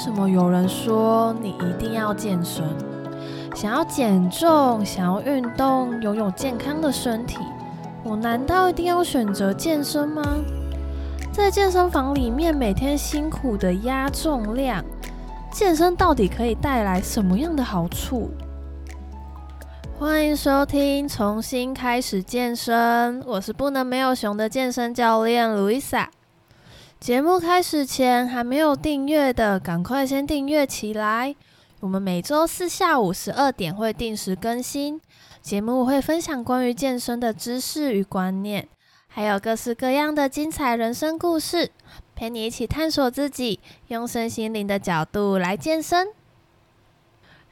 為什麼有人說你一定要健身？想要減重，想要運動，擁有健康的身體，我難道一定要選擇健身嗎？在健身房裡面每天辛苦的壓重量，健身到底可以帶來什麼樣的好處？歡迎收聽重新開始健身，我是不能沒有熊的健身教練 Louisa。節目開始前還沒有訂閱的，趕快先訂閱起來。我們每周四下午十二點會定時更新節目，會分享關於健身的知識與觀念，還有各式各樣的精彩人生故事，陪你一起探索自己，用身心靈的角度來健身。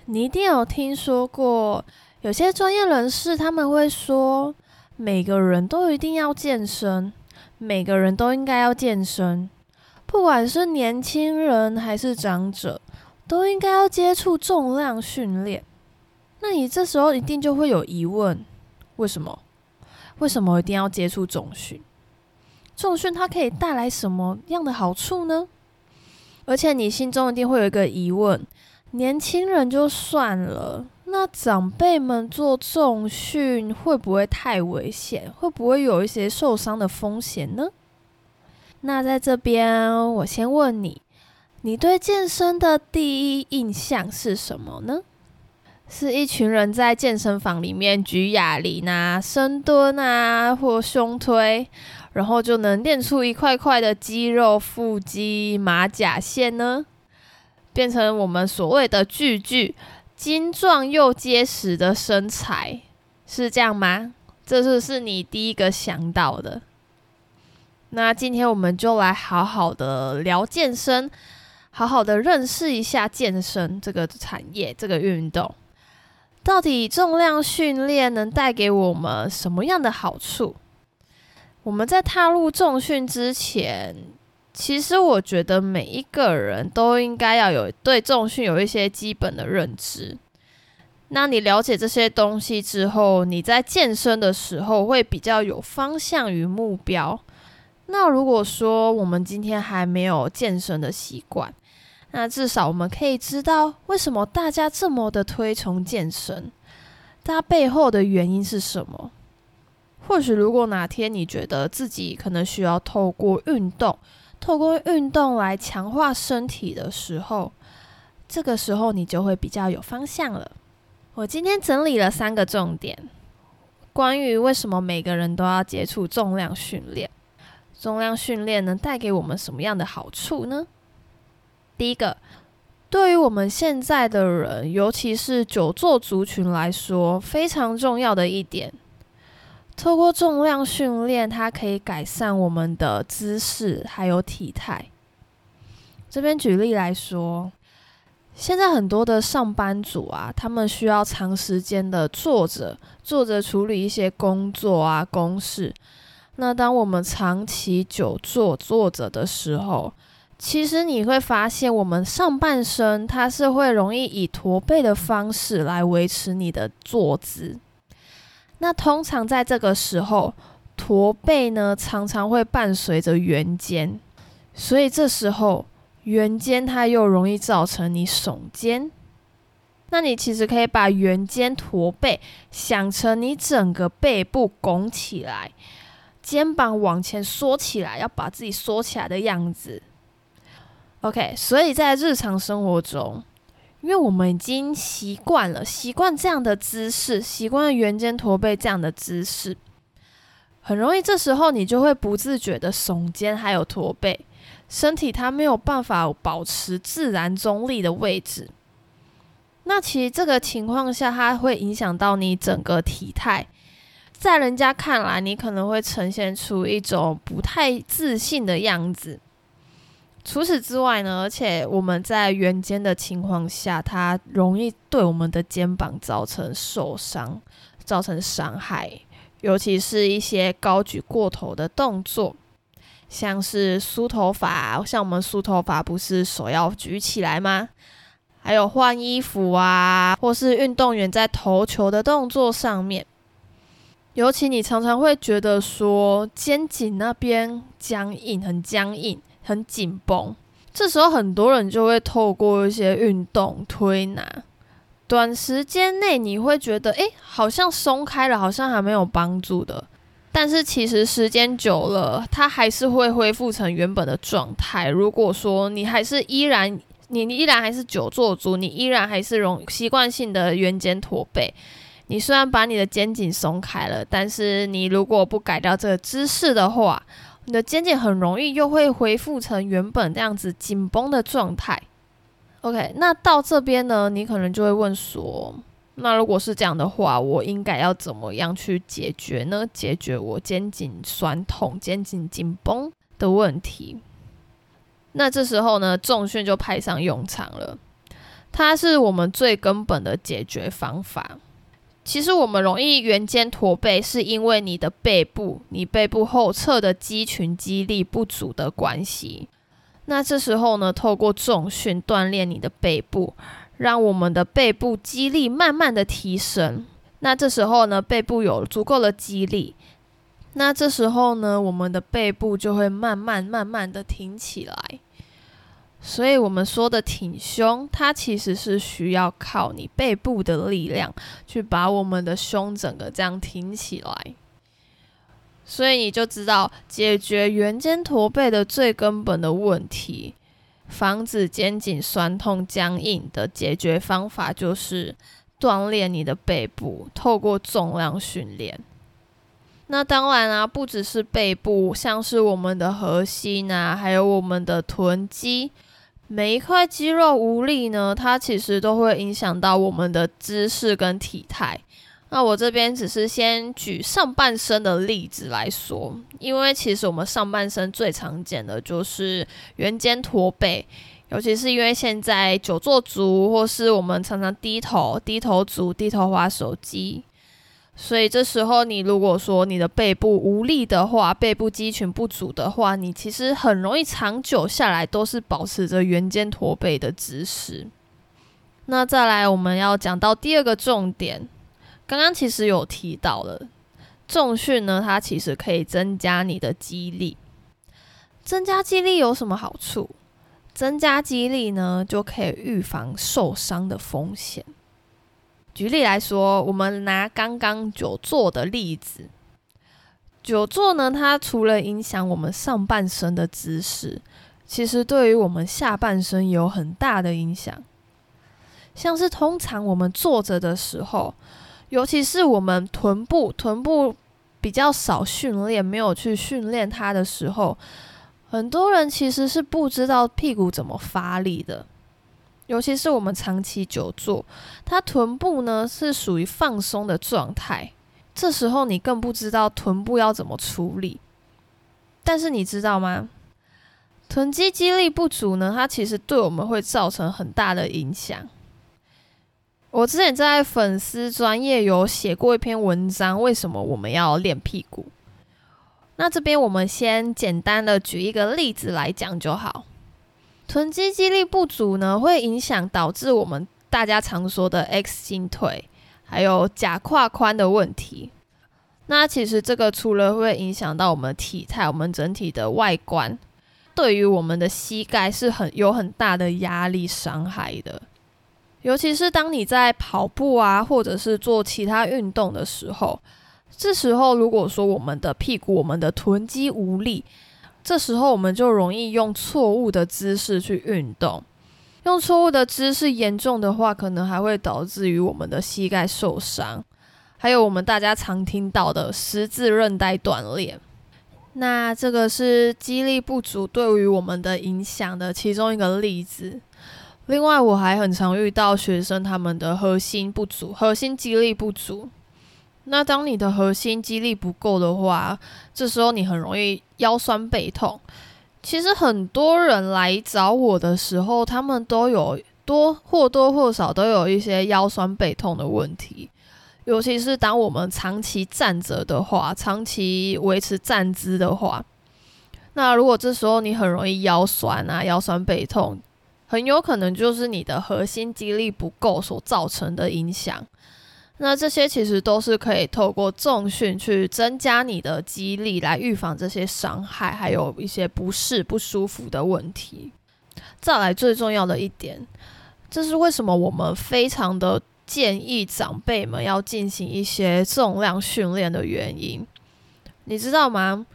你一定有聽說過，有些專業人士他們會說，每個人都一定要健身。每個人都應該要健身，不管是年輕人還是長者，都應該要接觸重量訓練。那你這時候一定就會有疑問：為什麼？為什麼一定要接觸重訓？重訓它可以帶來什麼樣的好處呢？而且你心中一定會有一個疑問：年輕人就算了。那長輩們做重訓會不會太危險？會不會有一些受傷的風險呢？那在這邊，我先問你，你對健身的第一印象是什麼呢？是一群人在健身房裡面舉啞鈴啊、深蹲啊或胸推，然後就能練出一塊塊的肌肉、腹肌、馬甲線呢？變成我們所謂的巨巨？精壯又結實的身材是這樣嗎？這是不是你第一個想到的？那今天我們就來好好的聊健身，好好的認識一下健身這個產業，這個運動到底重量訓練能帶給我們什麼樣的好處？我們在踏入重訓之前，其實我覺得每一個人都應該要有對重訓有一些基本的認知。那你了解這些東西之後，你在健身的時候會比較有方向與目標。那如果說我們今天還沒有健身的習慣，那至少我們可以知道為什麼大家這麼的推崇健身，它背後的原因是什麼？或許如果哪天你覺得自己可能需要透過運動，透過運動來強化身體的時候，這個時候你就會比較有方向了。我今天整理了三個重點，關於為什麼每個人都要接觸重量訓練。重量訓練能帶給我們什麼樣的好處呢？第一個，對於我們現在的人，尤其是久坐族群來說，非常重要的一點。透過重量訓練，它可以改善我們的姿勢還有體態。這邊舉例來說，現在很多的上班族啊，他們需要長時間的坐着坐着，處理一些工作啊公事。那當我們長期久坐坐着的時候，其實你會發現，我們上半身它是會容易以駝背的方式來維持你的坐姿。那通常在這個時候，駝背呢常常會伴隨着圓肩，所以這時候圓肩它又容易造成你聳肩。那你其實可以把圓肩駝背想成你整個背部拱起來，肩膀往前縮起來，要把自己縮起來的樣子。OK，所以在日常生活中，因為我們已經習慣了，習慣這樣的姿勢，習慣圓肩駝背這樣的姿勢，很容易這時候你就會不自覺的聳肩，還有駝背，身體它沒有辦法保持自然中立的位置。那其實這個情況下，它會影響到你整個體態，在人家看來，你可能會呈現出一種不太自信的樣子。除此之外呢，而且我們在圓肩的情況下，它容易對我們的肩膀造成受傷、造成傷害，尤其是一些高舉過頭的動作，像是梳頭髮，像我們梳頭髮不是手要舉起來嗎？還有換衣服啊，或是運動員在投球的動作上面，尤其你常常會覺得說肩頸那邊僵硬，很僵硬。很緊繃，這時候很多人就會透過一些運動、推拿，短時間內你會覺得，誒，好像鬆開了，好像還沒有幫助的。但是其實時間久了，它還是會恢復成原本的狀態。如果說你還是依然，你依然還是久坐族，你依然還是容習慣性的圓肩駝背，你雖然把你的肩頸鬆開了，但是你如果不改掉這個姿勢的話，你的肩頸很容易又會恢復成原本這樣子緊繃的狀態。OK，那到這邊呢，你可能就會問說，那如果是這樣的話，我應該要怎麼樣去解決呢？解決我肩頸酸痛、肩頸緊繃的問題。那這時候呢，重訓就派上用場了。它是我們最根本的解決方法。其實我們容易圓肩駝背，是因為你的背部、你背部後側的肌群肌力不足的關係。那這時候呢，透過重訓鍛鍊你的背部，讓我們的背部肌力慢慢的提升。那這時候呢，背部有足夠的肌力，那這時候呢，我們的背部就會慢慢慢慢的挺起來。所以我們說的挺胸，它其實是需要靠你背部的力量去把我們的胸整個這樣挺起來。所以你就知道，解決圓肩駝背的最根本的問題，防止肩頸痠痛僵硬的解決方法，就是鍛鍊你的背部，透過重量訓練。那當然啊，不只是背部，像是我們的核心啊，還有我們的臀肌。每一塊肌肉無力呢，它其實都會影響到我們的姿勢跟體態。那我這邊只是先舉上半身的例子來說，因為其實我們上半身最常見的就是圓肩駝背，尤其是因為現在久坐族或是我們常常低頭、低頭族、低頭滑手機。所以這時候，你如果說你的背部無力的話，背部肌群不足的話，你其實很容易長久下來都是保持着圓肩駝背的姿勢。那再來，我們要講到第二個重點，剛剛其實有提到了，重訓呢，它其實可以增加你的肌力。增加肌力有什麼好處？增加肌力呢，就可以預防受傷的風險。舉例來說，我們拿剛剛久坐的例子，久坐呢，它除了影響我們上半身的姿勢，其實對於我們下半身有很大的影響。像是通常我們坐着的時候，尤其是我們臀部，臀部比較少訓練，沒有去訓練它的時候，很多人其實是不知道屁股怎麼發力的。尤其是我們長期久坐，它，臀部呢，是屬於放鬆的狀態，這時候你更不知道臀部要怎麼處理。但是你知道嗎？臀肌肌力不足呢，它其實對我們會造成很大的影響。我之前在粉絲專頁有寫過一篇文章，為什麼我們要練屁股？那這邊我們先簡單的舉一個例子來講就好。臀肌肌力不足呢，會影響導致我們大家常說的 X 型腿，還有假胯寬的問題。那其實這個除了會影響到我們體態，我們整體的外觀，對於我們的膝蓋是很有很大的壓力傷害的。尤其是當你在跑步啊，或者是做其他運動的時候，這時候如果說我們的屁股、我們的臀肌無力，這時候我們就容易用錯誤的姿勢去運動，用錯誤的姿勢，嚴重的話可能還會導致於我們的膝蓋受傷，還有我們大家常聽到的十字韌帶斷裂。那這個是肌力不足對於我們的影響的其中一個例子。另外，我還很常遇到學生他們的核心不足，核心肌力不足。那當你的核心肌力不夠的話，這時候你很容易腰痠背痛。其實很多人來找我的時候，他們都有多或多或少都有一些腰痠背痛的問題。尤其是當我們長期站着的話，長期維持站姿的話，那如果這時候你很容易腰酸啊、腰痠背痛，很有可能就是你的核心肌力不夠所造成的影響。那這些其實都是可以透過重訓去增加你的肌力，來預防這些傷害，還有一些不適、不舒服的問題。再來最重要的一點，這是為什麼我們非常的建議長輩們要進行一些重量訓練的原因。你知道嗎？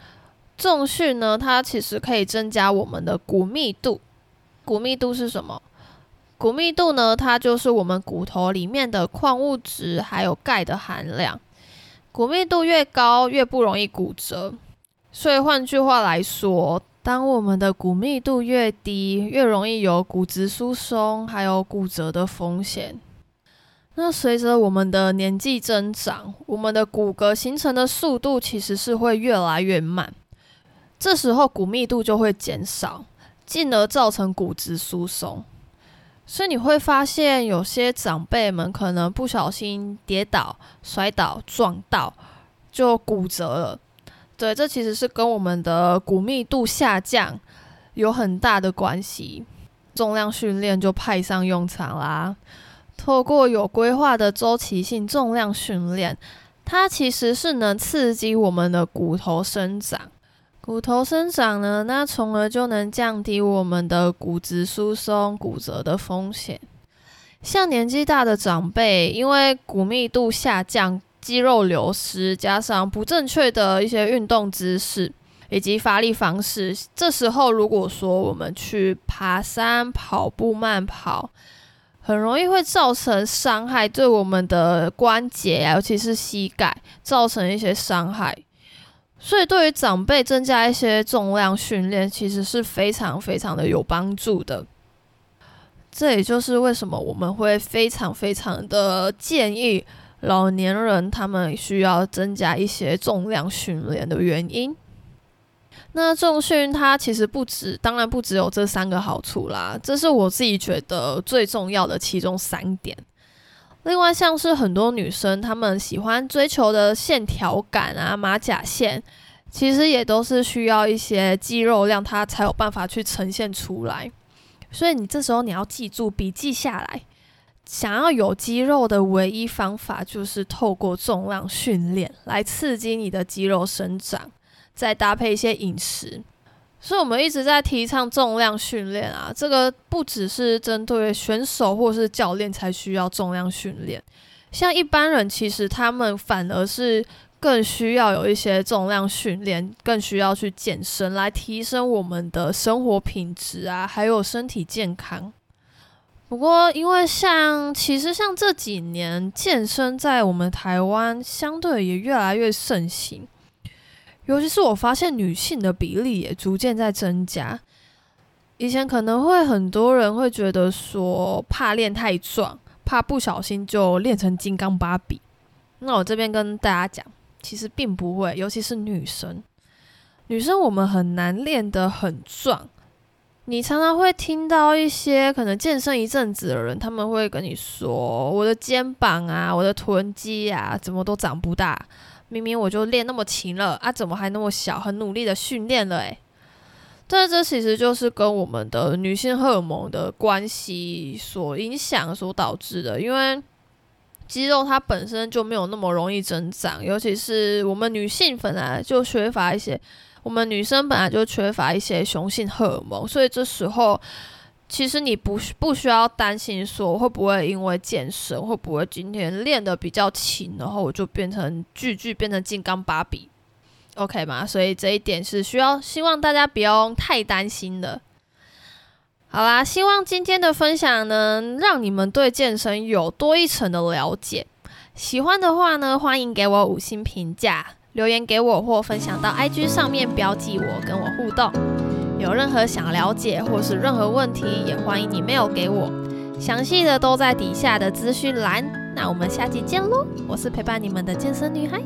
重訓呢，它其實可以增加我們的骨密度。骨密度是什麼？骨密度呢，它就是我們骨頭裡面的礦物質，還有鈣的含量。骨密度越高，越不容易骨折。所以換句話來說，當我們的骨密度越低，越容易有骨質疏鬆，還有骨折的風險。那隨着我們的年紀增長，我們的骨骼形成的速度其實是會越來越慢，這時候骨密度就會減少，進而造成骨質疏鬆。所以你會發現，有些長輩們可能不小心跌倒、摔倒、撞到，就骨折了。對，這其實是跟我們的骨密度下降有很大的關係。重量訓練就派上用場啦！透過有規劃的周期性重量訓練，它其實是能刺激我們的骨頭生長。骨頭生長呢，那從而就能降低我們的骨質疏鬆、骨折的風險。像年紀大的長輩，因為骨密度下降、肌肉流失，加上不正確的一些運動姿勢以及發力方式，這時候如果說我們去爬山、跑步、慢跑，很容易會造成傷害，對我們的關節啊，尤其是膝蓋，造成一些傷害。所以，對於長輩增加一些重量訓練，其實是非常非常的有幫助的。這也就是為什麼我們會非常非常的建議老年人他們需要增加一些重量訓練的原因。那重訓它其實不止，當然不只有這三個好處啦。這是我自己覺得最重要的其中三點。另外，像是很多女生她們喜歡追求的線條感啊、馬甲線，其實也都是需要一些肌肉讓它才有辦法去呈現出來。所以你這時候你要記住、筆記下來，想要有肌肉的唯一方法就是透過重量訓練來刺激你的肌肉生長，再搭配一些飲食。所以我們一直在提倡重量訓練啊，這個不只是針對選手或是教練才需要重量訓練，像一般人其實他們反而是更需要有一些重量訓練，更需要去健身來提升我們的生活品質啊，還有身體健康。不過因為像，其實像這幾年，健身在我們台灣相對也越來越盛行。尤其是我發現女性的比例也逐漸在增加。以前可能會很多人會覺得說怕練太壯，怕不小心就練成金剛芭比。那我這邊跟大家講，其實並不會，尤其是女生。女生我們很難練得很壯。你常常會聽到一些可能健身一陣子的人，他們會跟你說：“我的肩膀啊，我的臀肌啊，怎麼都長不大。”明明我就練那麼勤了啊，怎麼還那麼小？很努力的訓練了誒，但這這其實就是跟我們的女性荷爾蒙的關係所影響所導致的。因為肌肉它本身就沒有那麼容易增長，尤其是我們女性本來就缺乏一些，我們女生本來就缺乏一些雄性荷爾蒙，所以這時候。其實你不不需要擔心說會不會因為健身，會不會今天練得比較勤，然後我就變成巨巨變成金剛芭比，OK 嗎？所以這一點是需要希望大家不用太擔心的。好啦，希望今天的分享能讓你們對健身有多一層的了解。喜歡的話呢，歡迎給我五星評價，留言給我或分享到 IG 上面標記我，跟我互動。有任何想了解或是任何問題，也歡迎你 mail 給我，詳細的都在底下的資訊欄。那我們下期見嘍！我是陪伴你們的健身女孩。